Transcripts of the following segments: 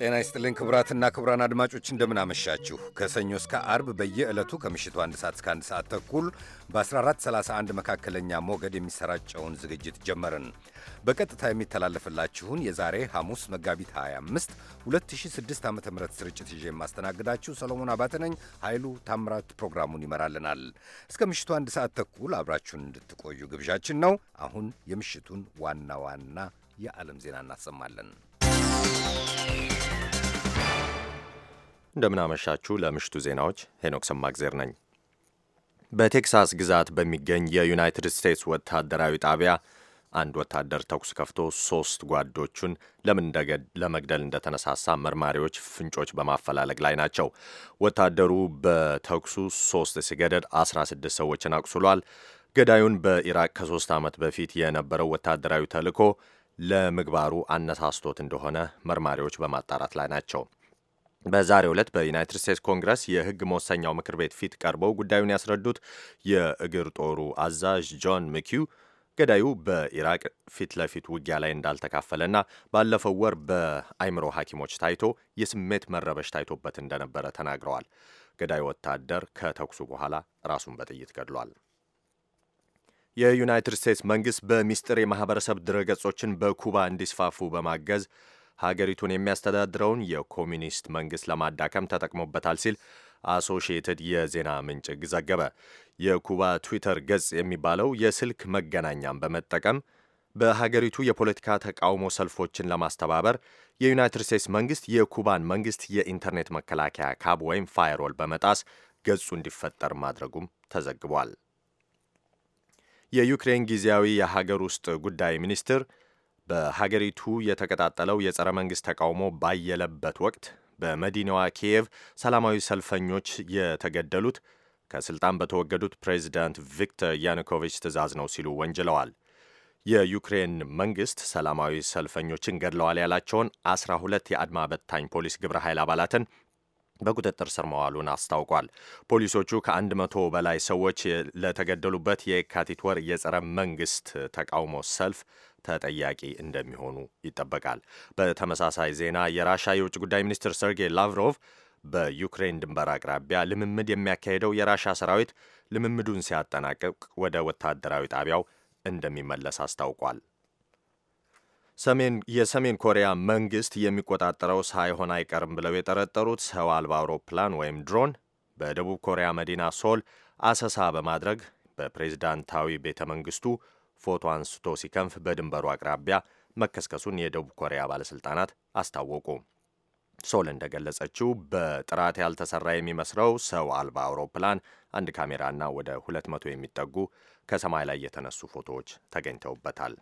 ጤና ይስጥልኝ ክቡራትና ክቡራን አድማጮች እንደምን አመሻችሁ። ከሰኞ እስከ አርብ በየዕለቱ ከምሽቱ አንድ ሰዓት እስከ አንድ ሰዓት ተኩል በ1431 መካከለኛ ሞገድ የሚሰራጨውን ዝግጅት ጀመርን። በቀጥታ የሚተላለፍላችሁን የዛሬ ሐሙስ መጋቢት 25 2006 ዓ ም ስርጭት ይዤ የማስተናግዳችሁ ሰሎሞን አባተ ነኝ። ኃይሉ ታምራት ፕሮግራሙን ይመራልናል። እስከ ምሽቱ አንድ ሰዓት ተኩል አብራችሁን እንድትቆዩ ግብዣችን ነው። አሁን የምሽቱን ዋና ዋና የዓለም ዜና እናሰማለን። እንደምናመሻችሁ። ለምሽቱ ዜናዎች ሄኖክ ሰማግዜር ነኝ። በቴክሳስ ግዛት በሚገኝ የዩናይትድ ስቴትስ ወታደራዊ ጣቢያ አንድ ወታደር ተኩስ ከፍቶ ሶስት ጓዶቹን ለምን ለመግደል እንደተነሳሳ መርማሪዎች ፍንጮች በማፈላለግ ላይ ናቸው። ወታደሩ በተኩሱ ሶስት ሲገደል 16 ሰዎችን አቁስሏል። ገዳዩን በኢራቅ ከሶስት ዓመት በፊት የነበረው ወታደራዊ ተልዕኮ ለምግባሩ አነሳስቶት እንደሆነ መርማሪዎች በማጣራት ላይ ናቸው። በዛሬ ዕለት በዩናይትድ ስቴትስ ኮንግረስ የህግ መወሰኛው ምክር ቤት ፊት ቀርበው ጉዳዩን ያስረዱት የእግር ጦሩ አዛዥ ጆን ምኪው ገዳዩ በኢራቅ ፊት ለፊት ውጊያ ላይ እንዳልተካፈለና ባለፈው ወር በአይምሮ ሐኪሞች ታይቶ የስሜት መረበሽ ታይቶበት እንደነበረ ተናግረዋል። ገዳዩ ወታደር ከተኩሱ በኋላ ራሱን በጥይት ገድሏል። የዩናይትድ ስቴትስ መንግሥት በሚስጥር የማኅበረሰብ ድረገጾችን በኩባ እንዲስፋፉ በማገዝ ሀገሪቱን የሚያስተዳድረውን የኮሚኒስት መንግስት ለማዳከም ተጠቅሞበታል ሲል አሶሽየትድ የዜና ምንጭ ዘገበ። የኩባ ትዊተር ገጽ የሚባለው የስልክ መገናኛን በመጠቀም በሀገሪቱ የፖለቲካ ተቃውሞ ሰልፎችን ለማስተባበር የዩናይትድ ስቴትስ መንግስት የኩባን መንግስት የኢንተርኔት መከላከያ ካብ ወይም ፋይሮል በመጣስ ገጹ እንዲፈጠር ማድረጉም ተዘግቧል። የዩክሬን ጊዜያዊ የሀገር ውስጥ ጉዳይ ሚኒስትር በሀገሪቱ የተቀጣጠለው የጸረ መንግሥት ተቃውሞ ባየለበት ወቅት በመዲናዋ ኪየቭ ሰላማዊ ሰልፈኞች የተገደሉት ከስልጣን በተወገዱት ፕሬዚዳንት ቪክተር ያኑኮቪች ትዕዛዝ ነው ሲሉ ወንጅለዋል። የዩክሬን መንግሥት ሰላማዊ ሰልፈኞችን ገድለዋል ያላቸውን 12 የአድማ በታኝ ፖሊስ ግብረ ኃይል አባላትን በቁጥጥር ስር መዋሉን አስታውቋል። ፖሊሶቹ ከአንድ መቶ በላይ ሰዎች ለተገደሉበት የካቲት ወር የጸረ መንግስት ተቃውሞ ሰልፍ ተጠያቂ እንደሚሆኑ ይጠበቃል። በተመሳሳይ ዜና የራሻ የውጭ ጉዳይ ሚኒስትር ሰርጌይ ላቭሮቭ በዩክሬን ድንበር አቅራቢያ ልምምድ የሚያካሄደው የራሻ ሰራዊት ልምምዱን ሲያጠናቅቅ ወደ ወታደራዊ ጣቢያው እንደሚመለስ አስታውቋል። ሰሜን የሰሜን ኮሪያ መንግስት የሚቆጣጠረው ሳይሆን አይቀርም ብለው የጠረጠሩት ሰው አልባ አውሮፕላን ወይም ድሮን በደቡብ ኮሪያ መዲና ሶል አሰሳ በማድረግ በፕሬዝዳንታዊ ቤተ መንግስቱ ፎቶ አንስቶ ሲከንፍ በድንበሩ አቅራቢያ መከስከሱን የደቡብ ኮሪያ ባለሥልጣናት አስታወቁ። ሶል እንደገለጸችው በጥራት ያልተሰራ የሚመስለው ሰው አልባ አውሮፕላን አንድ ካሜራና ወደ 200 የሚጠጉ ከሰማይ ላይ የተነሱ ፎቶዎች ተገኝተውበታል።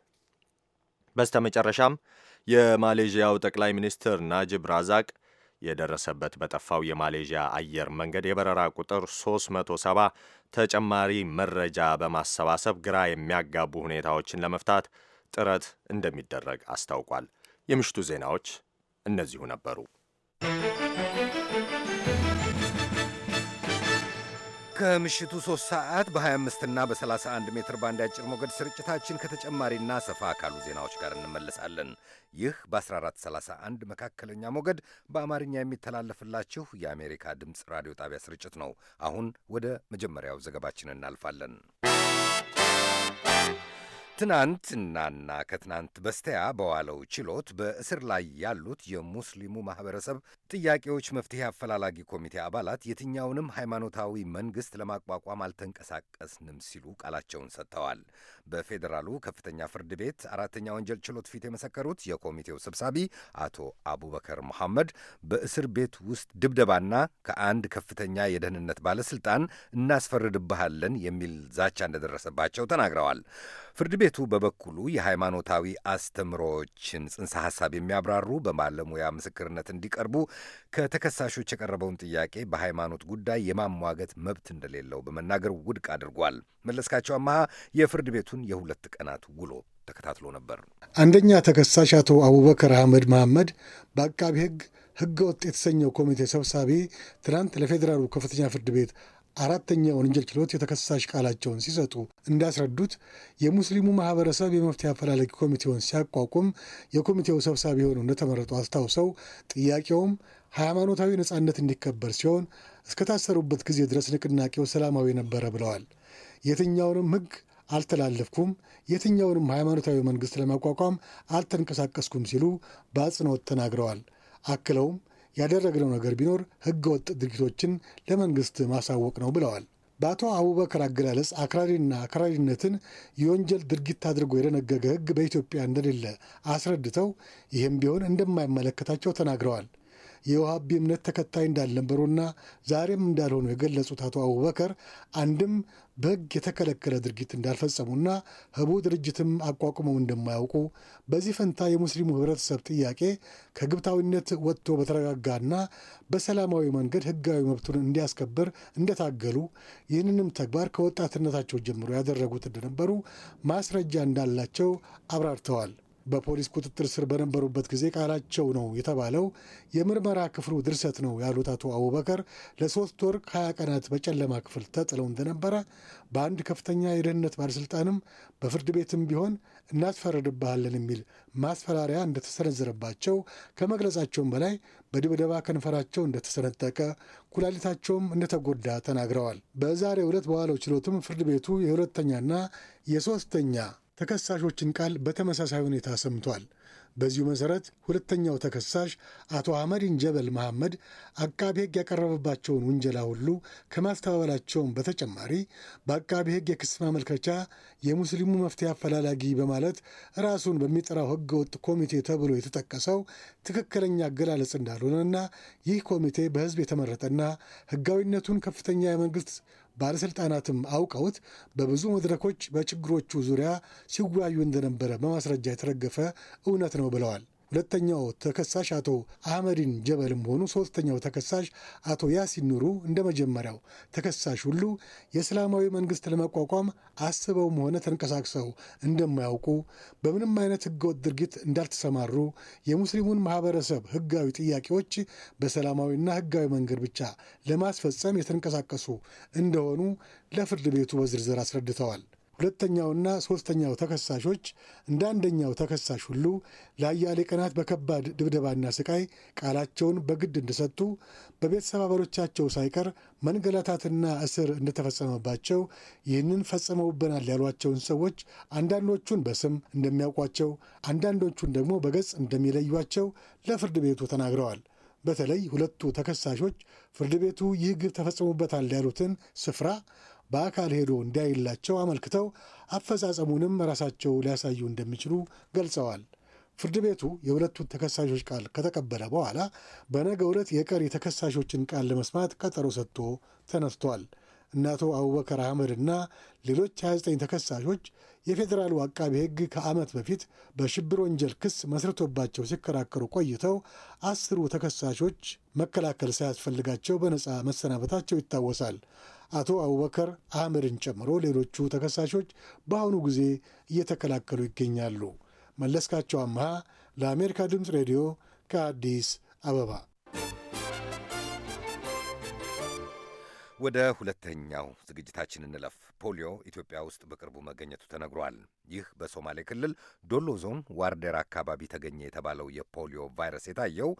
በስተ መጨረሻም የማሌዥያው ጠቅላይ ሚኒስትር ናጅብ ራዛቅ የደረሰበት በጠፋው የማሌዥያ አየር መንገድ የበረራ ቁጥር 370 ተጨማሪ መረጃ በማሰባሰብ ግራ የሚያጋቡ ሁኔታዎችን ለመፍታት ጥረት እንደሚደረግ አስታውቋል። የምሽቱ ዜናዎች እነዚሁ ነበሩ። ከምሽቱ 3 ሰዓት በ25 እና በ31 ሜትር ባንድ አጭር ሞገድ ስርጭታችን ከተጨማሪና ሰፋ ካሉ ዜናዎች ጋር እንመለሳለን። ይህ በ1431 መካከለኛ ሞገድ በአማርኛ የሚተላለፍላችሁ የአሜሪካ ድምፅ ራዲዮ ጣቢያ ስርጭት ነው። አሁን ወደ መጀመሪያው ዘገባችን እናልፋለን። ትናንትናና ከትናንት በስቲያ በዋለው ችሎት በእስር ላይ ያሉት የሙስሊሙ ማህበረሰብ ጥያቄዎች መፍትሄ አፈላላጊ ኮሚቴ አባላት የትኛውንም ሃይማኖታዊ መንግስት ለማቋቋም አልተንቀሳቀስንም ሲሉ ቃላቸውን ሰጥተዋል። በፌዴራሉ ከፍተኛ ፍርድ ቤት አራተኛ ወንጀል ችሎት ፊት የመሰከሩት የኮሚቴው ሰብሳቢ አቶ አቡበከር መሐመድ በእስር ቤት ውስጥ ድብደባና ከአንድ ከፍተኛ የደህንነት ባለስልጣን እናስፈርድብሃለን የሚል ዛቻ እንደደረሰባቸው ተናግረዋል። ፍርድ ቤቱ በበኩሉ የሃይማኖታዊ አስተምሮዎችን ጽንሰ ሐሳብ የሚያብራሩ በባለሙያ ምስክርነት እንዲቀርቡ ከተከሳሾች የቀረበውን ጥያቄ በሃይማኖት ጉዳይ የማሟገት መብት እንደሌለው በመናገር ውድቅ አድርጓል። መለስካቸው አመሃ የፍርድ ቤቱ የዕለቱን የሁለት ቀናት ውሎ ተከታትሎ ነበር። አንደኛ ተከሳሽ አቶ አቡበከር አህመድ መሐመድ በአቃቢ ሕግ ሕገ ወጥ የተሰኘው ኮሚቴ ሰብሳቢ ትናንት ለፌዴራሉ ከፍተኛ ፍርድ ቤት አራተኛ ወንጀል ችሎት የተከሳሽ ቃላቸውን ሲሰጡ እንዳስረዱት የሙስሊሙ ማህበረሰብ የመፍትሄ አፈላለጊ ኮሚቴውን ሲያቋቁም የኮሚቴው ሰብሳቢ የሆኑ እንደተመረጡ አስታውሰው ጥያቄውም ሃይማኖታዊ ነጻነት እንዲከበር ሲሆን እስከታሰሩበት ጊዜ ድረስ ንቅናቄው ሰላማዊ ነበረ ብለዋል። የትኛውንም ህግ? አልተላለፍኩም፣ የትኛውንም ሃይማኖታዊ መንግስት ለማቋቋም አልተንቀሳቀስኩም ሲሉ በአጽንኦት ተናግረዋል። አክለውም ያደረግነው ነገር ቢኖር ህገወጥ ድርጊቶችን ለመንግስት ማሳወቅ ነው ብለዋል። በአቶ አቡበከር አገላለጽ አክራሪና አክራሪነትን የወንጀል ድርጊት አድርጎ የደነገገ ህግ በኢትዮጵያ እንደሌለ አስረድተው ይህም ቢሆን እንደማይመለከታቸው ተናግረዋል። የውሃቢ እምነት ተከታይ እንዳልነበሩና ዛሬም እንዳልሆኑ የገለጹት አቶ አቡበከር አንድም በሕግ የተከለከለ ድርጊት እንዳልፈጸሙና ህቡ ድርጅትም አቋቁመው እንደማያውቁ በዚህ ፈንታ የሙስሊሙ ህብረተሰብ ጥያቄ ከግብታዊነት ወጥቶ በተረጋጋና በሰላማዊ መንገድ ህጋዊ መብቱን እንዲያስከብር እንደታገሉ ይህንንም ተግባር ከወጣትነታቸው ጀምሮ ያደረጉት እንደነበሩ ማስረጃ እንዳላቸው አብራርተዋል። በፖሊስ ቁጥጥር ስር በነበሩበት ጊዜ ቃላቸው ነው የተባለው የምርመራ ክፍሉ ድርሰት ነው ያሉት አቶ አቡበከር ለሶስት ወር ከሀያ ቀናት በጨለማ ክፍል ተጥለው እንደነበረ በአንድ ከፍተኛ የደህንነት ባለስልጣንም በፍርድ ቤትም ቢሆን እናስፈረድብሃለን የሚል ማስፈራሪያ እንደተሰነዘረባቸው ከመግለጻቸውም በላይ በድብደባ ከንፈራቸው እንደተሰነጠቀ ኩላሊታቸውም እንደተጎዳ ተናግረዋል። በዛሬ ዕለት በዋለው ችሎትም ፍርድ ቤቱ የሁለተኛና የሶስተኛ ተከሳሾችን ቃል በተመሳሳይ ሁኔታ ሰምቷል። በዚሁ መሠረት ሁለተኛው ተከሳሽ አቶ አህመዲን ጀበል መሐመድ አቃቢ ሕግ ያቀረበባቸውን ውንጀላ ሁሉ ከማስተባበላቸውም በተጨማሪ በአቃቢ ሕግ የክስ ማመልከቻ የሙስሊሙ መፍትሄ አፈላላጊ በማለት ራሱን በሚጠራው ህገወጥ ኮሚቴ ተብሎ የተጠቀሰው ትክክለኛ አገላለጽ እንዳልሆነና ይህ ኮሚቴ በሕዝብ የተመረጠና ሕጋዊነቱን ከፍተኛ የመንግሥት ባለሥልጣናትም አውቀውት በብዙ መድረኮች በችግሮቹ ዙሪያ ሲወያዩ እንደነበረ በማስረጃ የተደገፈ እውነት ነው ብለዋል። ሁለተኛው ተከሳሽ አቶ አህመዲን ጀበልም ሆኑ ሶስተኛው ተከሳሽ አቶ ያሲን ኑሩ እንደ መጀመሪያው ተከሳሽ ሁሉ የእስላማዊ መንግስት ለመቋቋም አስበውም ሆነ ተንቀሳቅሰው እንደማያውቁ፣ በምንም አይነት ህገወጥ ድርጊት እንዳልተሰማሩ፣ የሙስሊሙን ማህበረሰብ ህጋዊ ጥያቄዎች በሰላማዊና ህጋዊ መንገድ ብቻ ለማስፈጸም የተንቀሳቀሱ እንደሆኑ ለፍርድ ቤቱ በዝርዝር አስረድተዋል። ሁለተኛውና ሦስተኛው ተከሳሾች እንደ አንደኛው ተከሳሽ ሁሉ ለአያሌ ቀናት በከባድ ድብደባና ስቃይ ቃላቸውን በግድ እንደሰጡ በቤተሰብ አባሎቻቸው ሳይቀር መንገላታትና እስር እንደተፈጸመባቸው ይህንን ፈጽመውብናል ያሏቸውን ሰዎች አንዳንዶቹን በስም እንደሚያውቋቸው፣ አንዳንዶቹን ደግሞ በገጽ እንደሚለዩቸው ለፍርድ ቤቱ ተናግረዋል። በተለይ ሁለቱ ተከሳሾች ፍርድ ቤቱ ይህ ግብ ተፈጽሞበታል ያሉትን ስፍራ በአካል ሄዶ እንዲያይላቸው አመልክተው አፈጻጸሙንም ራሳቸው ሊያሳዩ እንደሚችሉ ገልጸዋል። ፍርድ ቤቱ የሁለቱ ተከሳሾች ቃል ከተቀበለ በኋላ በነገ ዕለት የቀሪ ተከሳሾችን ቃል ለመስማት ቀጠሮ ሰጥቶ ተነስቷል። እነ አቶ አቡበከር አህመድና ሌሎች 29 ተከሳሾች የፌዴራሉ አቃቤ ሕግ ከዓመት በፊት በሽብር ወንጀል ክስ መስርቶባቸው ሲከራከሩ ቆይተው አስሩ ተከሳሾች መከላከል ሳያስፈልጋቸው በነፃ መሰናበታቸው ይታወሳል። አቶ አቡበከር አህመድን ጨምሮ ሌሎቹ ተከሳሾች በአሁኑ ጊዜ እየተከላከሉ ይገኛሉ። መለስካቸው አምሃ ለአሜሪካ ድምፅ ሬዲዮ ከአዲስ አበባ። ወደ ሁለተኛው ዝግጅታችን እንለፍ። ፖሊዮ ኢትዮጵያ ውስጥ በቅርቡ መገኘቱ ተነግሯል። ይህ በሶማሌ ክልል ዶሎ ዞን ዋርደር አካባቢ ተገኘ የተባለው የፖሊዮ ቫይረስ የታየው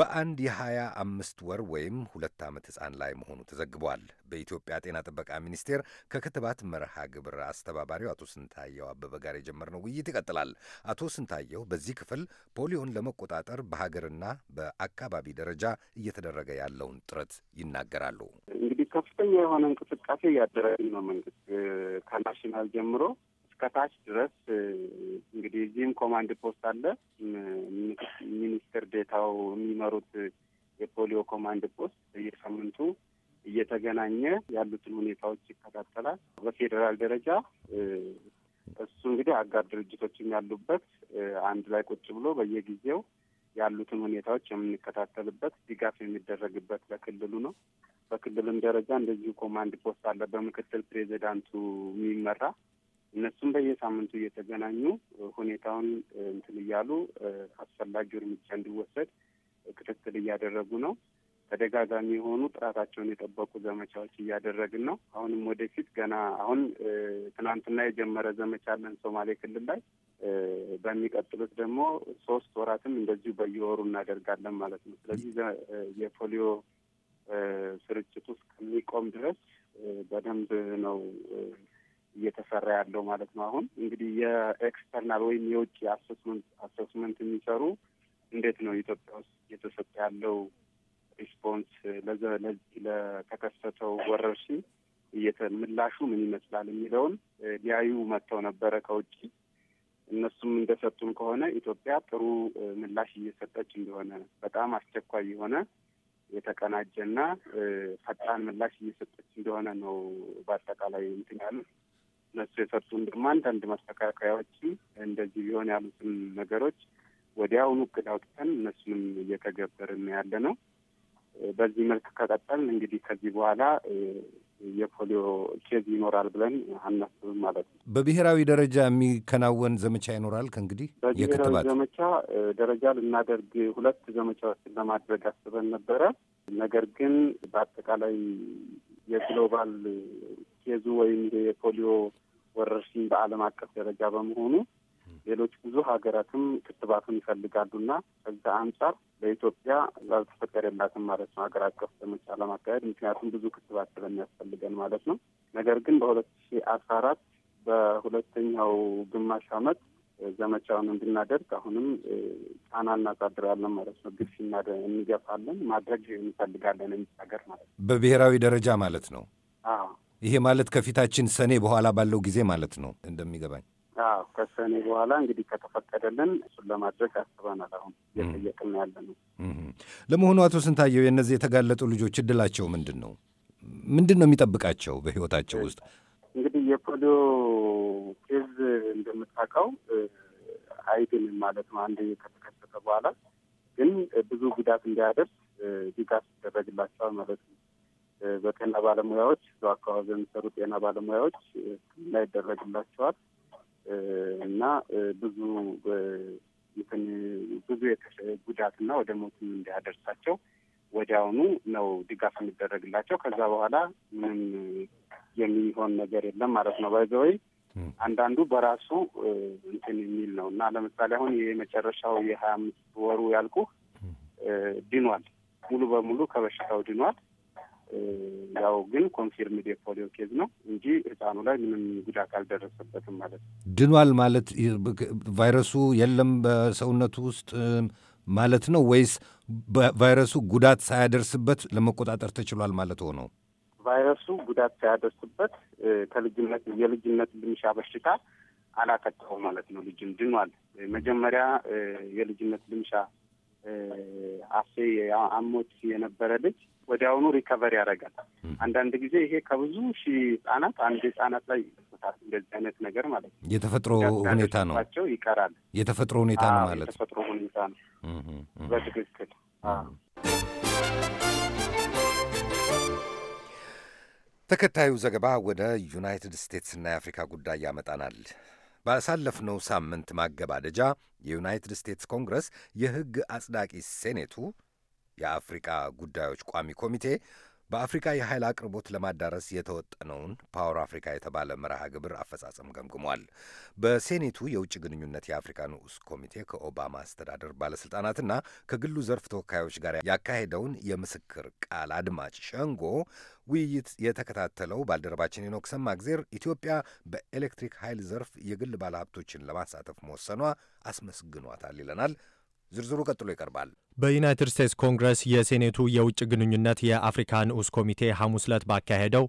በአንድ የሃያ አምስት ወር ወይም ሁለት ዓመት ሕፃን ላይ መሆኑ ተዘግቧል። በኢትዮጵያ ጤና ጥበቃ ሚኒስቴር ከክትባት መርሃ ግብር አስተባባሪው አቶ ስንታየው አበበ ጋር የጀመርነው ውይይት ይቀጥላል። አቶ ስንታየው በዚህ ክፍል ፖሊዮን ለመቆጣጠር በሀገርና በአካባቢ ደረጃ እየተደረገ ያለውን ጥረት ይናገራሉ። ከፍተኛ የሆነ እንቅስቃሴ እያደረግን ነው። መንግስት ከናሽናል ጀምሮ እስከ ታች ድረስ እንግዲህ እዚህም ኮማንድ ፖስት አለ። ሚኒስትር ዴታው የሚመሩት የፖሊዮ ኮማንድ ፖስት በየሳምንቱ እየተገናኘ ያሉትን ሁኔታዎች ይከታተላል። በፌዴራል ደረጃ እሱ እንግዲህ አጋር ድርጅቶችም ያሉበት አንድ ላይ ቁጭ ብሎ በየጊዜው ያሉትን ሁኔታዎች የምንከታተልበት ድጋፍ የሚደረግበት ለክልሉ ነው። በክልልም ደረጃ እንደዚሁ ኮማንድ ፖስት አለ በምክትል ፕሬዚዳንቱ የሚመራ እነሱም በየሳምንቱ እየተገናኙ ሁኔታውን እንትን እያሉ አስፈላጊው እርምጃ እንዲወሰድ ክትትል እያደረጉ ነው። ተደጋጋሚ የሆኑ ጥራታቸውን የጠበቁ ዘመቻዎች እያደረግን ነው። አሁንም ወደፊት ገና አሁን ትናንትና የጀመረ ዘመቻ አለን ሶማሌ ክልል ላይ። በሚቀጥሉት ደግሞ ሶስት ወራትም እንደዚሁ በየወሩ እናደርጋለን ማለት ነው። ስለዚህ የፖሊዮ ስርጭቱ እስከሚቆም ድረስ በደንብ ነው እየተሰራ ያለው ማለት ነው። አሁን እንግዲህ የኤክስተርናል ወይም የውጭ አሰስመንት አሰስመንት የሚሰሩ እንዴት ነው ኢትዮጵያ ውስጥ እየተሰጠ ያለው ሪስፖንስ ለዚህ ለተከሰተው ወረርሽኝ ምላሹ ምን ይመስላል የሚለውን ሊያዩ መጥተው ነበረ ከውጭ። እነሱም እንደሰጡን ከሆነ ኢትዮጵያ ጥሩ ምላሽ እየሰጠች እንደሆነ በጣም አስቸኳይ የሆነ የተቀናጀና ፈጣን ምላሽ እየሰጠች እንደሆነ ነው በአጠቃላይ እንትን ያሉት። እነሱ የሰጡን ደግሞ አንዳንድ ማስተካከያዎችም እንደዚህ ቢሆን ያሉትን ነገሮች ወዲያውኑ እቅድ አውጥተን እነሱንም እየተገበርን ያለ ነው። በዚህ መልክ ከቀጠል እንግዲህ ከዚህ በኋላ የፖሊዮ ኬዝ ይኖራል ብለን አናስብም ማለት ነው። በብሔራዊ ደረጃ የሚከናወን ዘመቻ ይኖራል። ከእንግዲህ የክትባት ዘመቻ ደረጃ ልናደርግ ሁለት ዘመቻዎችን ለማድረግ አስበን ነበረ። ነገር ግን በአጠቃላይ የግሎባል ኬዙ ወይም የፖሊዮ ወረርሽኝ በዓለም አቀፍ ደረጃ በመሆኑ ሌሎች ብዙ ሀገራትም ክትባቱን ይፈልጋሉና ከዛ አንጻር ለኢትዮጵያ ላልተፈቀደ የላትም ማለት ነው ሀገር አቀፍ ዘመቻ ለማካሄድ ምክንያቱም ብዙ ክትባት ስለሚያስፈልገን ማለት ነው። ነገር ግን በሁለት ሺ አስራ አራት በሁለተኛው ግማሽ አመት ዘመቻውን እንድናደርግ አሁንም ጫና እናሳድራለን ማለት ነው። ግፍ እንገፋለን፣ ማድረግ እንፈልጋለን የሚል ሀገር ማለት ነው። በብሔራዊ ደረጃ ማለት ነው። ይሄ ማለት ከፊታችን ሰኔ በኋላ ባለው ጊዜ ማለት ነው እንደሚገባኝ አዎ ከሰኔ በኋላ እንግዲህ ከተፈቀደልን እሱን ለማድረግ አስበናል። አሁን እየጠየቅን ያለ ነው። ለመሆኑ አቶ ስንታየው የእነዚህ የተጋለጡ ልጆች እድላቸው ምንድን ነው? ምንድን ነው የሚጠብቃቸው በህይወታቸው ውስጥ? እንግዲህ የፖሊዮ ኬዝ እንደምታውቀው አይድን ማለት ነው። አንድ ከተከሰተ በኋላ ግን ብዙ ጉዳት እንዲያደርስ ድጋፍ ይደረግላቸዋል ማለት ነው። በጤና ባለሙያዎች፣ አካባቢ የሚሰሩ ጤና ባለሙያዎች ሕክምና ይደረግላቸዋል። እና ብዙ እንትን ብዙ ጉዳትና ወደ ሞት እንዳያደርሳቸው ወዲያውኑ ነው ድጋፍ የሚደረግላቸው። ከዛ በኋላ ምንም የሚሆን ነገር የለም ማለት ነው። ባይዘወይ አንዳንዱ በራሱ እንትን የሚል ነው እና ለምሳሌ አሁን የመጨረሻው የሀያ አምስት ወሩ ያልኩህ ድኗል፣ ሙሉ በሙሉ ከበሽታው ድኗል። ያው ግን ኮንፊርምድ የፖሊዮ ኬዝ ነው እንጂ ህፃኑ ላይ ምንም ጉዳት አልደረሰበትም ማለት ነው። ድኗል ማለት ቫይረሱ የለም በሰውነቱ ውስጥ ማለት ነው ወይስ ቫይረሱ ጉዳት ሳያደርስበት ለመቆጣጠር ተችሏል ማለት ሆነው? ቫይረሱ ጉዳት ሳያደርስበት ከልጅነት የልጅነት ልምሻ በሽታ አላከተው ማለት ነው። ልጅም ድኗል። መጀመሪያ የልጅነት ልምሻ አፌ አሞት የነበረ ልጅ ወዲያውኑ ሪከቨር ያደርጋል። አንዳንድ ጊዜ ይሄ ከብዙ ሺህ ህጻናት አንድ ህጻናት ላይ ይፈታል። እንደዚህ አይነት ነገር ማለት ነው። የተፈጥሮ ሁኔታ ነው ይቀራል። የተፈጥሮ ሁኔታ ነው ማለት የተፈጥሮ ሁኔታ ነው በትክክል ተከታዩ ዘገባ ወደ ዩናይትድ ስቴትስ እና የአፍሪካ ጉዳይ ያመጣናል። ባሳለፍነው ሳምንት ማገባደጃ የዩናይትድ ስቴትስ ኮንግረስ የሕግ አጽዳቂ ሴኔቱ የአፍሪቃ ጉዳዮች ቋሚ ኮሚቴ በአፍሪካ የኃይል አቅርቦት ለማዳረስ የተወጠነውን ፓወር አፍሪካ የተባለ መርሃ ግብር አፈጻጸም ገምግሟል። በሴኔቱ የውጭ ግንኙነት የአፍሪካ ንዑስ ኮሚቴ ከኦባማ አስተዳደር ባለሥልጣናትና ከግሉ ዘርፍ ተወካዮች ጋር ያካሄደውን የምስክር ቃል አድማጭ ሸንጎ ውይይት የተከታተለው ባልደረባችን ኖክ ሰማ ኢትዮጵያ በኤሌክትሪክ ኃይል ዘርፍ የግል ባለሀብቶችን ለማሳተፍ መወሰኗ አስመስግኗታል ይለናል። ዝርዝሩ ቀጥሎ ይቀርባል። በዩናይትድ ስቴትስ ኮንግረስ የሴኔቱ የውጭ ግንኙነት የአፍሪካ ንዑስ ኮሚቴ ሐሙስ ዕለት ባካሄደው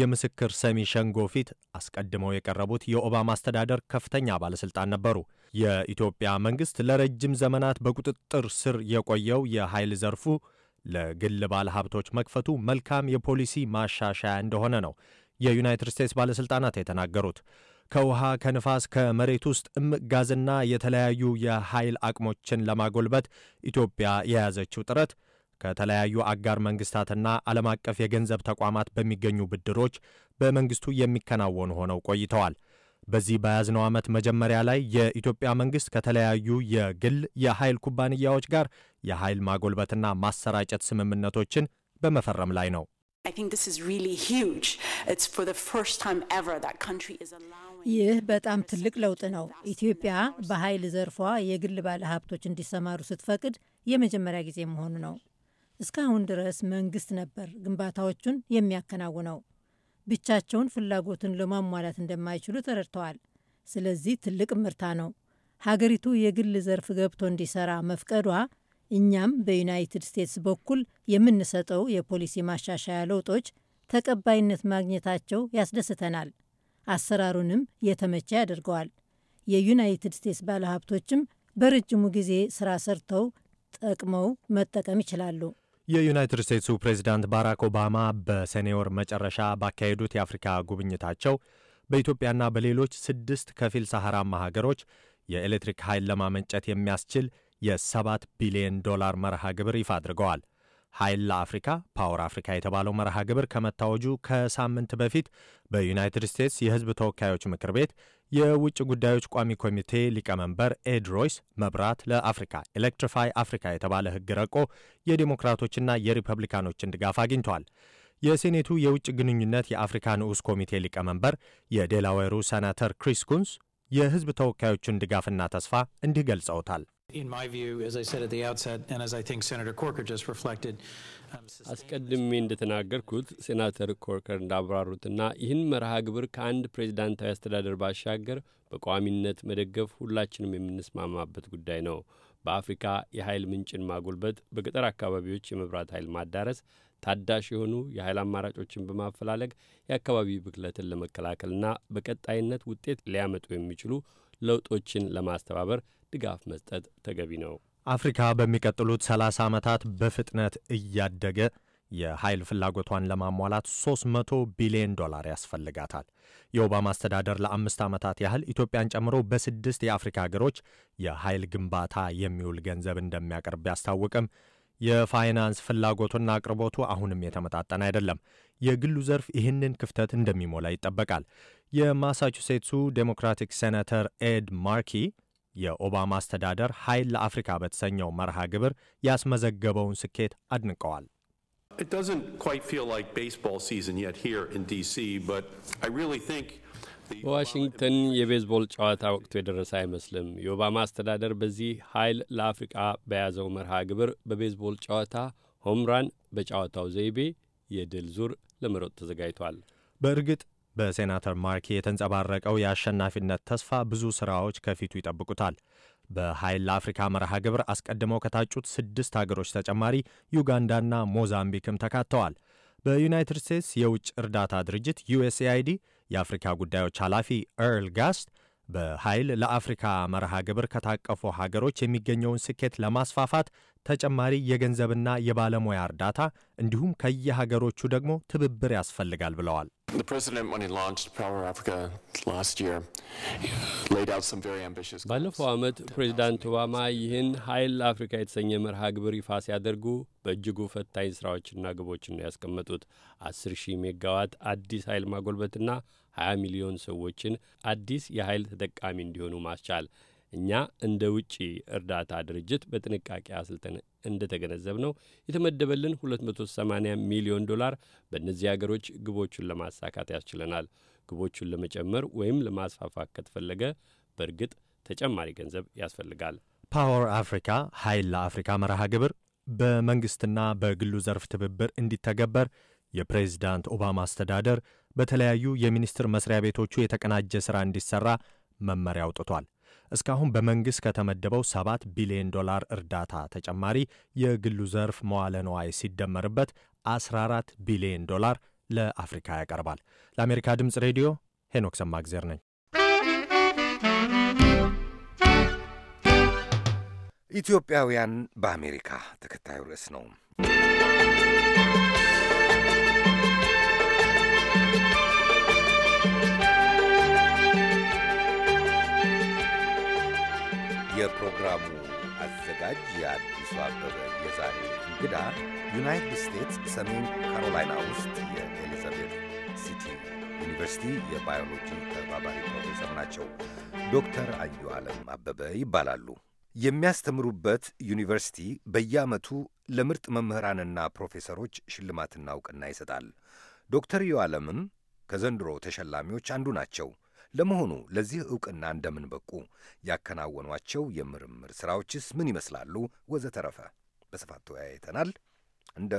የምስክር ሰሚ ሸንጎ ፊት አስቀድመው የቀረቡት የኦባማ አስተዳደር ከፍተኛ ባለሥልጣን ነበሩ። የኢትዮጵያ መንግሥት ለረጅም ዘመናት በቁጥጥር ስር የቆየው የኃይል ዘርፉ ለግል ባለ ሀብቶች መክፈቱ መልካም የፖሊሲ ማሻሻያ እንደሆነ ነው የዩናይትድ ስቴትስ ባለሥልጣናት የተናገሩት። ከውሃ፣ ከንፋስ፣ ከመሬት ውስጥ እምቅ ጋዝና የተለያዩ የኃይል አቅሞችን ለማጎልበት ኢትዮጵያ የያዘችው ጥረት ከተለያዩ አጋር መንግስታትና ዓለም አቀፍ የገንዘብ ተቋማት በሚገኙ ብድሮች በመንግስቱ የሚከናወኑ ሆነው ቆይተዋል። በዚህ በያዝነው ዓመት መጀመሪያ ላይ የኢትዮጵያ መንግስት ከተለያዩ የግል የኃይል ኩባንያዎች ጋር የኃይል ማጎልበትና ማሰራጨት ስምምነቶችን በመፈረም ላይ ነው። ይህ በጣም ትልቅ ለውጥ ነው። ኢትዮጵያ በኃይል ዘርፏ የግል ባለሀብቶች እንዲሰማሩ ስትፈቅድ የመጀመሪያ ጊዜ መሆኑ ነው። እስካሁን ድረስ መንግስት ነበር ግንባታዎቹን የሚያከናውነው። ብቻቸውን ፍላጎትን ለማሟላት እንደማይችሉ ተረድተዋል። ስለዚህ ትልቅ ምርታ ነው። ሀገሪቱ የግል ዘርፍ ገብቶ እንዲሰራ መፍቀዷ እኛም በዩናይትድ ስቴትስ በኩል የምንሰጠው የፖሊሲ ማሻሻያ ለውጦች ተቀባይነት ማግኘታቸው ያስደስተናል። አሰራሩንም የተመቸ ያደርገዋል። የዩናይትድ ስቴትስ ባለሀብቶችም በረጅሙ ጊዜ ስራ ሰርተው ጠቅመው መጠቀም ይችላሉ። የዩናይትድ ስቴትሱ ፕሬዚዳንት ባራክ ኦባማ በሰኔ ወር መጨረሻ ባካሄዱት የአፍሪካ ጉብኝታቸው በኢትዮጵያና በሌሎች ስድስት ከፊል ሰሐራማ ሀገሮች የኤሌክትሪክ ኃይል ለማመንጨት የሚያስችል የሰባት ቢሊዮን ዶላር መርሃ ግብር ይፋ አድርገዋል። ኃይል ለአፍሪካ ፓወር አፍሪካ የተባለው መርሃ ግብር ከመታወጁ ከሳምንት በፊት በዩናይትድ ስቴትስ የሕዝብ ተወካዮች ምክር ቤት የውጭ ጉዳዮች ቋሚ ኮሚቴ ሊቀመንበር ኤድ ሮይስ መብራት ለአፍሪካ ኤሌክትሪፋይ አፍሪካ የተባለ ሕግ ረቆ የዴሞክራቶችና የሪፐብሊካኖችን ድጋፍ አግኝቷል። የሴኔቱ የውጭ ግንኙነት የአፍሪካ ንዑስ ኮሚቴ ሊቀመንበር የዴላዌሩ ሰናተር ክሪስ ኩንስ የሕዝብ ተወካዮችን ድጋፍና ተስፋ እንዲህ ገልጸውታል። In my view, as I said at the outset, and as I think Senator Corker just reflected, um, አስቀድሜ እንደተናገርኩት ሴናተር ኮርከር እንዳብራሩትና ይህን መርሃ ግብር ከአንድ ፕሬዚዳንታዊ አስተዳደር ባሻገር በቋሚነት መደገፍ ሁላችንም የምንስማማበት ጉዳይ ነው። በአፍሪካ የኃይል ምንጭን ማጎልበት፣ በገጠር አካባቢዎች የመብራት ኃይል ማዳረስ፣ ታዳሽ የሆኑ የኃይል አማራጮችን በማፈላለግ የአካባቢ ብክለትን ለመከላከልና በቀጣይነት ውጤት ሊያመጡ የሚችሉ ለውጦችን ለማስተባበር ድጋፍ መስጠት ተገቢ ነው። አፍሪካ በሚቀጥሉት 30 ዓመታት በፍጥነት እያደገ የኃይል ፍላጎቷን ለማሟላት 300 ቢሊዮን ዶላር ያስፈልጋታል። የኦባማ አስተዳደር ለአምስት ዓመታት ያህል ኢትዮጵያን ጨምሮ በስድስት የአፍሪካ አገሮች የኃይል ግንባታ የሚውል ገንዘብ እንደሚያቀርብ ቢያስታውቅም የፋይናንስ ፍላጎቱና አቅርቦቱ አሁንም የተመጣጠነ አይደለም። የግሉ ዘርፍ ይህንን ክፍተት እንደሚሞላ ይጠበቃል። የማሳቹሴትሱ ዴሞክራቲክ ሴናተር ኤድ ማርኪ የኦባማ አስተዳደር ኃይል ለአፍሪካ በተሰኘው መርሃ ግብር ያስመዘገበውን ስኬት አድንቀዋል። በዋሽንግተን የቤዝቦል ጨዋታ ወቅቱ የደረሰ አይመስልም። የኦባማ አስተዳደር በዚህ ኃይል ለአፍሪቃ በያዘው መርሃ ግብር በቤዝቦል ጨዋታ ሆምራን በጨዋታው ዘይቤ የድል ዙር ለመሮጥ ተዘጋጅቷል። በእርግጥ በሴናተር ማርኪ የተንጸባረቀው የአሸናፊነት ተስፋ ብዙ ሥራዎች ከፊቱ ይጠብቁታል። በኃይል ለአፍሪካ መርሃ ግብር አስቀድመው ከታጩት ስድስት አገሮች ተጨማሪ ዩጋንዳና ሞዛምቢክም ተካተዋል። በዩናይትድ ስቴትስ የውጭ እርዳታ ድርጅት ዩኤስኤአይዲ የአፍሪካ ጉዳዮች ኃላፊ ኤርል ጋስት በኃይል ለአፍሪካ መርሃ ግብር ከታቀፉ ሀገሮች የሚገኘውን ስኬት ለማስፋፋት ተጨማሪ የገንዘብና የባለሙያ እርዳታ እንዲሁም ከየሀገሮቹ ደግሞ ትብብር ያስፈልጋል ብለዋል። ባለፈው ዓመት ፕሬዚዳንት ኦባማ ይህን ኃይል ለአፍሪካ የተሰኘ መርሃ ግብር ይፋ ሲያደርጉ በእጅጉ ፈታኝ ሥራዎችና ግቦችን ነው ያስቀመጡት። 10 ሺህ ሜጋዋት አዲስ ኃይል ማጎልበትና 20 ሚሊዮን ሰዎችን አዲስ የኃይል ተጠቃሚ እንዲሆኑ ማስቻል እኛ እንደ ውጪ እርዳታ ድርጅት በጥንቃቄ አስልጠን እንደተገነዘብ ነው የተመደበልን 280 ሚሊዮን ዶላር በእነዚህ አገሮች ግቦቹን ለማሳካት ያስችለናል። ግቦቹን ለመጨመር ወይም ለማስፋፋት ከተፈለገ በእርግጥ ተጨማሪ ገንዘብ ያስፈልጋል። ፓወር አፍሪካ ኃይል ለአፍሪካ መርሃ ግብር በመንግሥትና በግሉ ዘርፍ ትብብር እንዲተገበር የፕሬዚዳንት ኦባማ አስተዳደር በተለያዩ የሚኒስቴር መስሪያ ቤቶቹ የተቀናጀ ሥራ እንዲሠራ መመሪያ አውጥቷል። እስካሁን በመንግሥት ከተመደበው 7 ቢሊዮን ዶላር እርዳታ ተጨማሪ የግሉ ዘርፍ መዋለ ነዋይ ሲደመርበት 14 ቢሊዮን ዶላር ለአፍሪካ ያቀርባል። ለአሜሪካ ድምፅ ሬዲዮ ሄኖክ ሰማግዜር ነኝ። ኢትዮጵያውያን በአሜሪካ ተከታዩ ርዕስ ነው። የፕሮግራሙ አዘጋጅ የአዲሱ አበበ የዛሬ እንግዳ ዩናይትድ ስቴትስ ሰሜን ካሮላይና ውስጥ የኤሊዛቤት ሲቲ ዩኒቨርሲቲ የባዮሎጂ ተባባሪ ፕሮፌሰር ናቸው። ዶክተር አዩ ዓለም አበበ ይባላሉ። የሚያስተምሩበት ዩኒቨርሲቲ በየዓመቱ ለምርጥ መምህራንና ፕሮፌሰሮች ሽልማትና እውቅና ይሰጣል። ዶክተር ዩ ዓለምም ከዘንድሮ ተሸላሚዎች አንዱ ናቸው። ለመሆኑ ለዚህ ዕውቅና እንደምን በቁ? ያከናወኗቸው የምርምር ሥራዎችስ ምን ይመስላሉ? ወዘተረፈ በስፋት ተወያይተናል። እንደ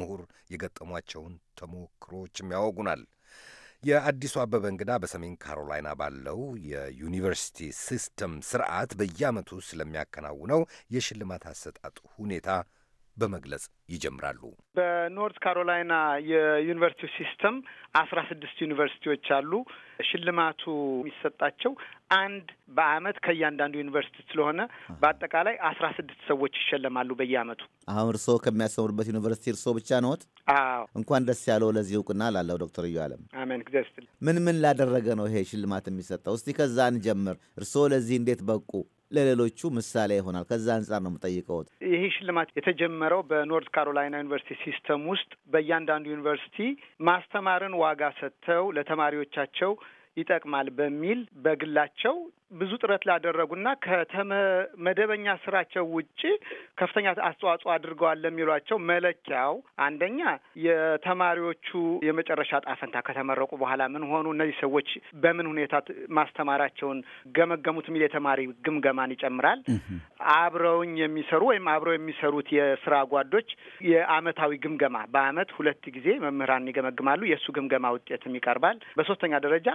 ምሁር የገጠሟቸውን ተሞክሮዎችም ያወጉናል። የአዲሱ አበበ እንግዳ በሰሜን ካሮላይና ባለው የዩኒቨርሲቲ ሲስተም ስርዓት በየዓመቱ ስለሚያከናውነው የሽልማት አሰጣጥ ሁኔታ በመግለጽ ይጀምራሉ። በኖርት ካሮላይና የዩኒቨርሲቲ ሲስተም አስራ ስድስት ዩኒቨርሲቲዎች አሉ። ሽልማቱ የሚሰጣቸው አንድ በአመት ከእያንዳንዱ ዩኒቨርሲቲ ስለሆነ በአጠቃላይ አስራ ስድስት ሰዎች ይሸለማሉ በየአመቱ። አሁን እርስዎ ከሚያስተምሩበት ዩኒቨርሲቲ እርስዎ ብቻ ነዎት? አዎ። እንኳን ደስ ያለው ለዚህ እውቅና ላለው ዶክተር እዩ አለም። አሜን። ምን ምን ላደረገ ነው ይሄ ሽልማት የሚሰጠው? እስቲ ከዛ እንጀምር። እርስዎ ለዚህ እንዴት በቁ? ለሌሎቹ ምሳሌ ይሆናል። ከዛ አንጻር ነው የምጠይቀው። ይህ ሽልማት የተጀመረው በኖርት ካሮላይና ዩኒቨርሲቲ ሲስተም ውስጥ በእያንዳንዱ ዩኒቨርሲቲ ማስተማርን ዋጋ ሰጥተው ለተማሪዎቻቸው ይጠቅማል በሚል በግላቸው ብዙ ጥረት ላደረጉና ከመደበኛ ስራቸው ውጪ ከፍተኛ አስተዋጽኦ አድርገዋል ለሚሏቸው መለኪያው አንደኛ የተማሪዎቹ የመጨረሻ ጣፈንታ ከተመረቁ በኋላ ምን ሆኑ፣ እነዚህ ሰዎች በምን ሁኔታ ማስተማራቸውን ገመገሙት የሚል የተማሪ ግምገማን ይጨምራል። አብረውኝ የሚሰሩ ወይም አብረው የሚሰሩት የስራ ጓዶች የአመታዊ ግምገማ በአመት ሁለት ጊዜ መምህራን ይገመግማሉ። የእሱ ግምገማ ውጤትም ይቀርባል። በሶስተኛ ደረጃ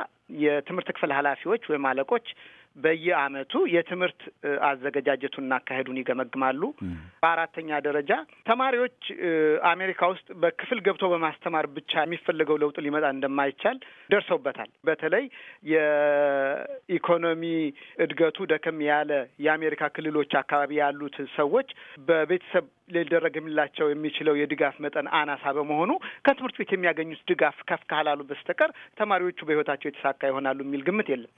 የትምህርት ክፍል ኃላፊዎች ወይም አለቆች በየአመቱ የትምህርት አዘገጃጀቱና አካሄዱን ይገመግማሉ። በአራተኛ ደረጃ ተማሪዎች አሜሪካ ውስጥ በክፍል ገብቶ በማስተማር ብቻ የሚፈለገው ለውጥ ሊመጣ እንደማይቻል ደርሰውበታል። በተለይ የኢኮኖሚ እድገቱ ደከም ያለ የአሜሪካ ክልሎች አካባቢ ያሉት ሰዎች በቤተሰብ ሊደረግላቸው የሚችለው የድጋፍ መጠን አናሳ በመሆኑ ከትምህርት ቤት የሚያገኙት ድጋፍ ከፍ ካላሉ በስተቀር ተማሪዎቹ በሕይወታቸው የተሳካ ይሆናሉ የሚል ግምት የለም።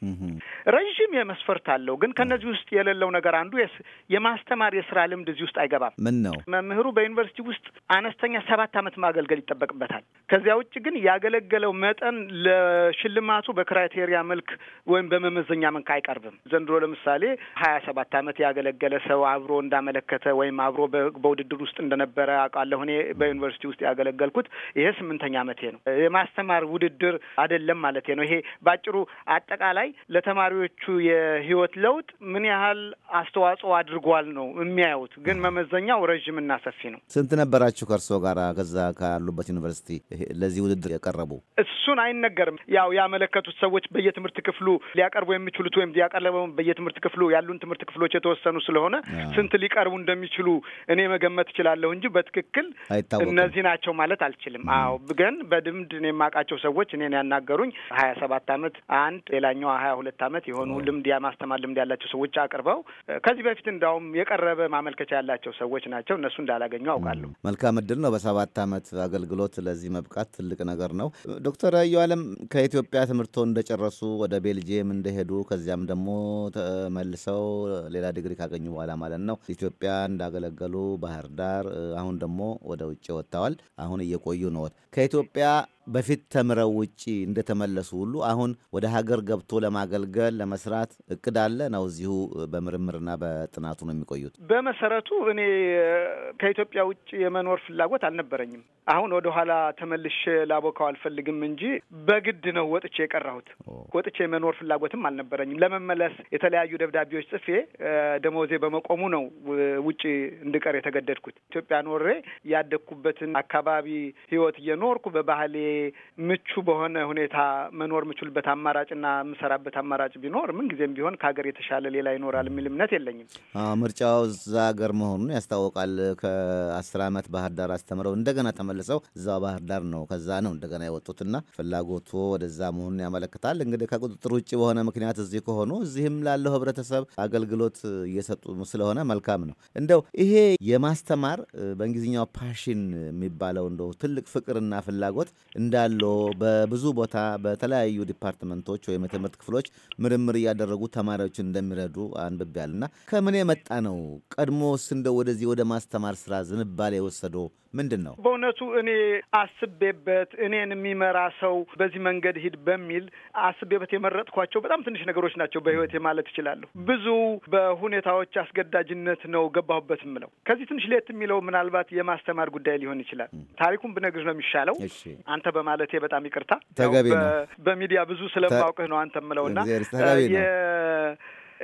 ረዥም መስፈርት አለው። ግን ከነዚህ ውስጥ የሌለው ነገር አንዱ የማስተማር የስራ ልምድ እዚህ ውስጥ አይገባም። ምን ነው መምህሩ በዩኒቨርሲቲ ውስጥ አነስተኛ ሰባት ዓመት ማገልገል ይጠበቅበታል። ከዚያ ውጭ ግን ያገለገለው መጠን ለሽልማቱ በክራይቴሪያ መልክ ወይም በመመዘኛ መልክ አይቀርብም። ዘንድሮ ለምሳሌ ሀያ ሰባት ዓመት ያገለገለ ሰው አብሮ እንዳመለከተ ወይም አብሮ በውድድር ውስጥ እንደነበረ አውቃለሁ። እኔ በዩኒቨርሲቲ ውስጥ ያገለገልኩት ይሄ ስምንተኛ አመቴ ነው። የማስተማር ውድድር አይደለም ማለት ነው። ይሄ በአጭሩ አጠቃላይ ለተማሪዎቹ የህይወት ለውጥ ምን ያህል አስተዋጽኦ አድርጓል ነው የሚያዩት። ግን መመዘኛው ረዥምና ሰፊ ነው። ስንት ነበራችሁ ከእርስዎ ጋር ከዛ ካሉበት ዩኒቨርሲቲ ለዚህ ውድድር የቀረቡ? እሱን አይነገርም። ያው ያመለከቱት ሰዎች በየትምህርት ክፍሉ ሊያቀርቡ የሚችሉት ወይም ያቀረበው በየትምህርት ክፍሉ ያሉን ትምህርት ክፍሎች የተወሰኑ ስለሆነ ስንት ሊቀርቡ እንደሚችሉ እኔ መገመት እችላለሁ እንጂ በትክክል እነዚህ ናቸው ማለት አልችልም። አዎ ግን በድምድ የማውቃቸው ሰዎች እኔን ያናገሩኝ ሀያ ሰባት አመት አንድ ሌላኛዋ ሀያ ሁለት አመት የሆኑ ልምድ የማስተማር ልምድ ያላቸው ሰዎች አቅርበው ከዚህ በፊት እንዳውም የቀረበ ማመልከቻ ያላቸው ሰዎች ናቸው። እነሱ እንዳላገኙ አውቃለሁ። መልካም እድል ነው። በሰባት ዓመት አገልግሎት ለዚህ መብቃት ትልቅ ነገር ነው። ዶክተር አየዋለም ከኢትዮጵያ ትምህርቶ እንደጨረሱ ወደ ቤልጅየም እንደሄዱ ከዚያም ደግሞ ተመልሰው ሌላ ዲግሪ ካገኙ በኋላ ማለት ነው ኢትዮጵያ እንዳገለገሉ ባህር ዳር፣ አሁን ደግሞ ወደ ውጭ ወጥተዋል። አሁን እየቆዩ ነው ከኢትዮጵያ በፊት ተምረው ውጪ እንደተመለሱ ሁሉ አሁን ወደ ሀገር ገብቶ ለማገልገል ለመስራት እቅድ አለ ነው? እዚሁ በምርምርና በጥናቱ ነው የሚቆዩት? በመሰረቱ እኔ ከኢትዮጵያ ውጭ የመኖር ፍላጎት አልነበረኝም። አሁን ወደ ኋላ ተመልሼ ላቦካው አልፈልግም እንጂ በግድ ነው ወጥቼ የቀራሁት ወጥቼ የመኖር ፍላጎትም አልነበረኝም። ለመመለስ የተለያዩ ደብዳቤዎች ጽፌ ደሞዜ በመቆሙ ነው ውጭ እንድቀር የተገደድኩት። ኢትዮጵያ ኖሬ ያደግኩበትን አካባቢ ህይወት እየኖርኩ በባህሌ ምቹ በሆነ ሁኔታ መኖር ምችልበት አማራጭና የምሰራበት አማራጭ ቢኖር ምንጊዜም ቢሆን ከሀገር የተሻለ ሌላ ይኖራል የሚል እምነት የለኝም። ምርጫው እዛ ሀገር መሆኑን ያስታውቃል። ከአስር ዓመት ባህር ዳር አስተምረው እንደገና ተመልሰው እዛው ባህር ዳር ነው ከዛ ነው እንደገና የወጡትና ፍላጎቱ ወደዛ መሆኑን ያመለክታል። እንግዲህ ከቁጥጥር ውጭ በሆነ ምክንያት እዚህ ከሆኑ እዚህም ላለው ህብረተሰብ አገልግሎት እየሰጡ ስለሆነ መልካም ነው። እንደው ይሄ የማስተማር በእንግሊዝኛው ፓሽን የሚባለው እንደው ትልቅ ፍቅርና ፍላጎት እንዳለው በብዙ ቦታ በተለያዩ ዲፓርትመንቶች ወይም የትምህርት ክፍሎች ምርምር እያደረጉ ተማሪዎችን እንደሚረዱ አንብቤያል እና ከምን የመጣ ነው ቀድሞስ እንደው ወደዚህ ወደ ማስተማር ስራ ዝንባሌ የወሰደው ምንድን ነው? በእውነቱ እኔ አስቤበት እኔን የሚመራ ሰው በዚህ መንገድ ሂድ በሚል አስቤበት የመረጥኳቸው በጣም ትንሽ ነገሮች ናቸው በህይወቴ ማለት እችላለሁ። ብዙ በሁኔታዎች አስገዳጅነት ነው ገባሁበት ምለው። ከዚህ ትንሽ ሌት የሚለው ምናልባት የማስተማር ጉዳይ ሊሆን ይችላል። ታሪኩን ብነግር ነው የሚሻለው። አንተ በማለቴ በጣም ይቅርታ። ተገቢ ነው። በሚዲያ ብዙ ስለማውቅህ ነው አንተ የምለውና?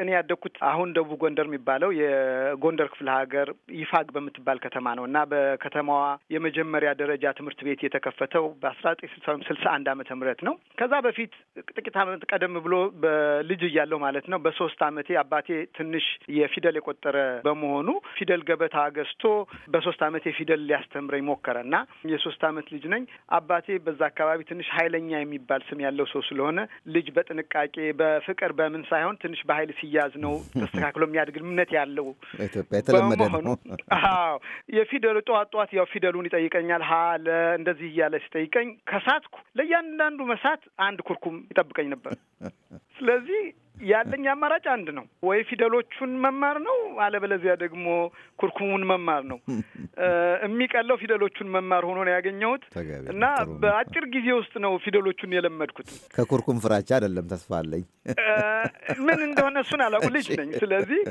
እኔ ያደግኩት አሁን ደቡብ ጎንደር የሚባለው የጎንደር ክፍለ ሀገር ይፋግ በምትባል ከተማ ነው እና በከተማዋ የመጀመሪያ ደረጃ ትምህርት ቤት የተከፈተው በአስራ ዘጠኝ ስልሳ አንድ አመተ ምህረት ነው። ከዛ በፊት ጥቂት ዓመት ቀደም ብሎ በልጅ እያለው ማለት ነው በሶስት አመቴ አባቴ ትንሽ የፊደል የቆጠረ በመሆኑ ፊደል ገበታ ገዝቶ በሶስት አመቴ ፊደል ሊያስተምረኝ ሞከረ እና የሶስት ዓመት ልጅ ነኝ። አባቴ በዛ አካባቢ ትንሽ ኃይለኛ የሚባል ስም ያለው ሰው ስለሆነ ልጅ በጥንቃቄ በፍቅር በምን ሳይሆን ትንሽ በኃይል ሲያዝ ነው ተስተካክሎ የሚያድግ እምነት ያለው ኢትዮጵያ የተለመደ ነው። አዎ የፊደሉ ጠዋት ጠዋት ያው ፊደሉን ይጠይቀኛል ሀ ለ እንደዚህ እያለ ሲጠይቀኝ ከሳትኩ ለእያንዳንዱ መሳት አንድ ኩርኩም ይጠብቀኝ ነበር። ስለዚህ ያለኝ አማራጭ አንድ ነው። ወይ ፊደሎቹን መማር ነው፣ አለበለዚያ ደግሞ ኩርኩሙን መማር ነው። የሚቀለው ፊደሎቹን መማር ሆኖ ነው ያገኘሁት እና በአጭር ጊዜ ውስጥ ነው ፊደሎቹን የለመድኩት። ከኩርኩም ፍራቻ አይደለም ተስፋ አለኝ። ምን እንደሆነ እሱን አላውቅ ልጅ ነኝ። ስለዚህ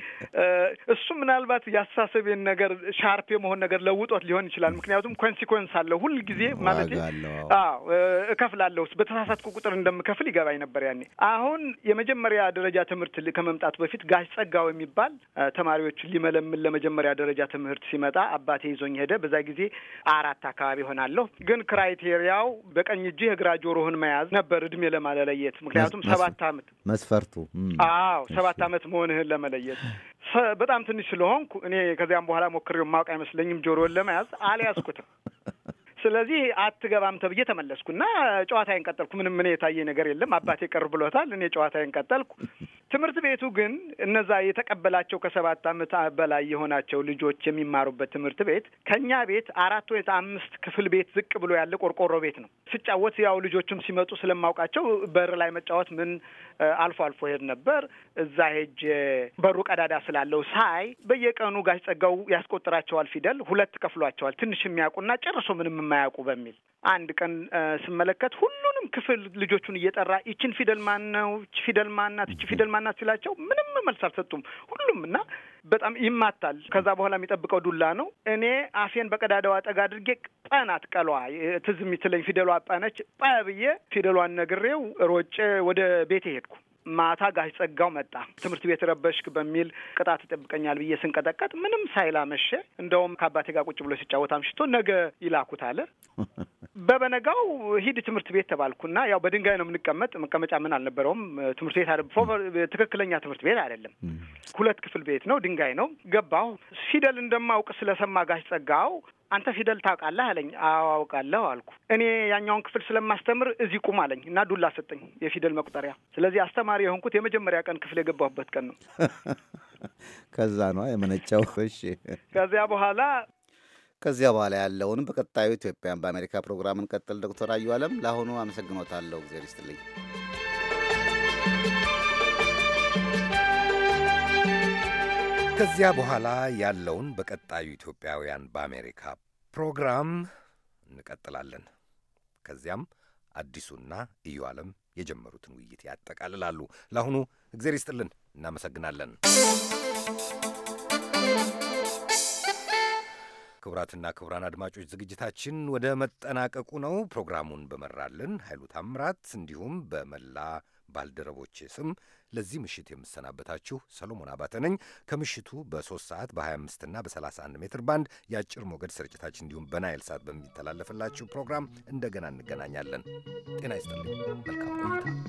እሱ ምናልባት ያሳሰቤን ነገር ሻርፕ የመሆን ነገር ለውጦት ሊሆን ይችላል። ምክንያቱም ኮንሲኮንስ አለው ሁል ጊዜ ማለት እከፍላለሁ። በተሳሳትኩ ቁጥር እንደምከፍል ይገባኝ ነበር ያኔ። አሁን የመጀመሪያ ደረጃ ትምህርት ከመምጣት በፊት ጋሽ ጸጋው የሚባል ተማሪዎቹን ሊመለምን ለመጀመሪያ ደረጃ ትምህርት ሲመጣ አባቴ ይዞኝ ሄደ። በዛ ጊዜ አራት አካባቢ ሆናለሁ። ግን ክራይቴሪያው በቀኝ እጅ የግራ ጆሮህን መያዝ ነበር እድሜ ለማለለየት ምክንያቱም ሰባት አመት መስፈርቱ። አዎ ሰባት አመት መሆንህን ለመለየት በጣም ትንሽ ስለሆንኩ እኔ ከዚያም በኋላ ሞክሬው ማውቅ አይመስለኝም ጆሮን ለመያዝ አልያዝኩትም። ስለዚህ አትገባም ተብዬ ተመለስኩና ጨዋታዬን ቀጠልኩ። ምንም ምን የታየ ነገር የለም። አባቴ ቀር ብሎታል። እኔ ጨዋታዬን ቀጠልኩ። ትምህርት ቤቱ ግን እነዛ የተቀበላቸው ከሰባት ዓመት በላይ የሆናቸው ልጆች የሚማሩበት ትምህርት ቤት ከእኛ ቤት አራት ወይ አምስት ክፍል ቤት ዝቅ ብሎ ያለ ቆርቆሮ ቤት ነው። ስጫወት ያው ልጆችም ሲመጡ ስለማውቃቸው በር ላይ መጫወት ምን አልፎ አልፎ ሄድ ነበር። እዛ ሄጅ በሩ ቀዳዳ ስላለው ሳይ በየቀኑ ጋሽ ጸጋው ያስቆጥራቸዋል። ፊደል ሁለት ከፍሏቸዋል። ትንሽ የሚያውቁና ጨርሶ ምንም ስለማያውቁ በሚል አንድ ቀን ስመለከት ሁሉንም ክፍል ልጆቹን እየጠራ ይችን ፊደል ማነው? ይች ፊደል ማናት? እች ፊደል ማናት ሲላቸው ምንም መልስ አልሰጡም ሁሉም እና በጣም ይማታል። ከዛ በኋላ የሚጠብቀው ዱላ ነው። እኔ አፌን በቀዳዳዋ ጠጋ አድርጌ ጠናት ቀሏ ትዝ የሚትለኝ ፊደሏ ጠነች ጠ ብዬ ፊደሏን ነግሬው ሮጬ ወደ ቤቴ ሄድኩ። ማታ ጋሽ ጸጋው መጣ። ትምህርት ቤት ረበሽክ በሚል ቅጣት ይጠብቀኛል ብዬ ስንቀጠቀጥ ምንም ሳይላመሸ እንደውም ከአባቴ ጋር ቁጭ ብሎ ሲጫወት አምሽቶ ነገ ይላኩት አለ። በበነጋው ሂድ ትምህርት ቤት ተባልኩና ያው በድንጋይ ነው የምንቀመጥ፣ መቀመጫ ምን አልነበረውም። ትምህርት ቤት ትክክለኛ ትምህርት ቤት አይደለም። ሁለት ክፍል ቤት ነው፣ ድንጋይ ነው። ገባሁ ፊደል እንደማውቅ ስለሰማ ጋሽ ጸጋው አንተ ፊደል ታውቃለህ አለኝ። አዋውቃለሁ አልኩ። እኔ ያኛውን ክፍል ስለማስተምር እዚህ ቁም አለኝ እና ዱላ ሰጠኝ፣ የፊደል መቁጠሪያ። ስለዚህ አስተማሪ የሆንኩት የመጀመሪያ ቀን ክፍል የገባሁበት ቀን ነው። ከዛ ነው የመነጨው። እሺ፣ ከዚያ በኋላ ከዚያ በኋላ ያለውን በቀጣዩ ኢትዮጵያን በአሜሪካ ፕሮግራም እንቀጥል። ዶክተር አዩ አለም ለአሁኑ አመሰግኖታለሁ። እግዚአብሔር ይስጥልኝ። ከዚያ በኋላ ያለውን በቀጣዩ ኢትዮጵያውያን በአሜሪካ ፕሮግራም እንቀጥላለን። ከዚያም አዲሱና እዩ ዓለም የጀመሩትን ውይይት ያጠቃልላሉ። ለአሁኑ እግዜር ይስጥልን፣ እናመሰግናለን። ክቡራትና ክቡራን አድማጮች ዝግጅታችን ወደ መጠናቀቁ ነው። ፕሮግራሙን በመራልን ኃይሉ ታምራት እንዲሁም በመላ ባልደረቦቼ ስም ለዚህ ምሽት የምሰናበታችሁ ሰሎሞን አባተ ነኝ። ከምሽቱ በ3 ሰዓት በ25 ና በ31 ሜትር ባንድ የአጭር ሞገድ ስርጭታችን እንዲሁም በናይል ሰዓት በሚተላለፍላችሁ ፕሮግራም እንደገና እንገናኛለን። ጤና ይስጥልኝ። መልካም ቆይታ።